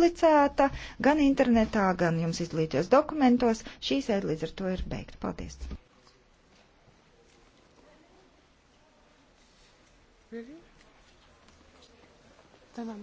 publicēta gan internetā, gan jums izlīdzos dokumentos. Šī sēde līdz ar to ir beigta. Paldies! Really? Tamam.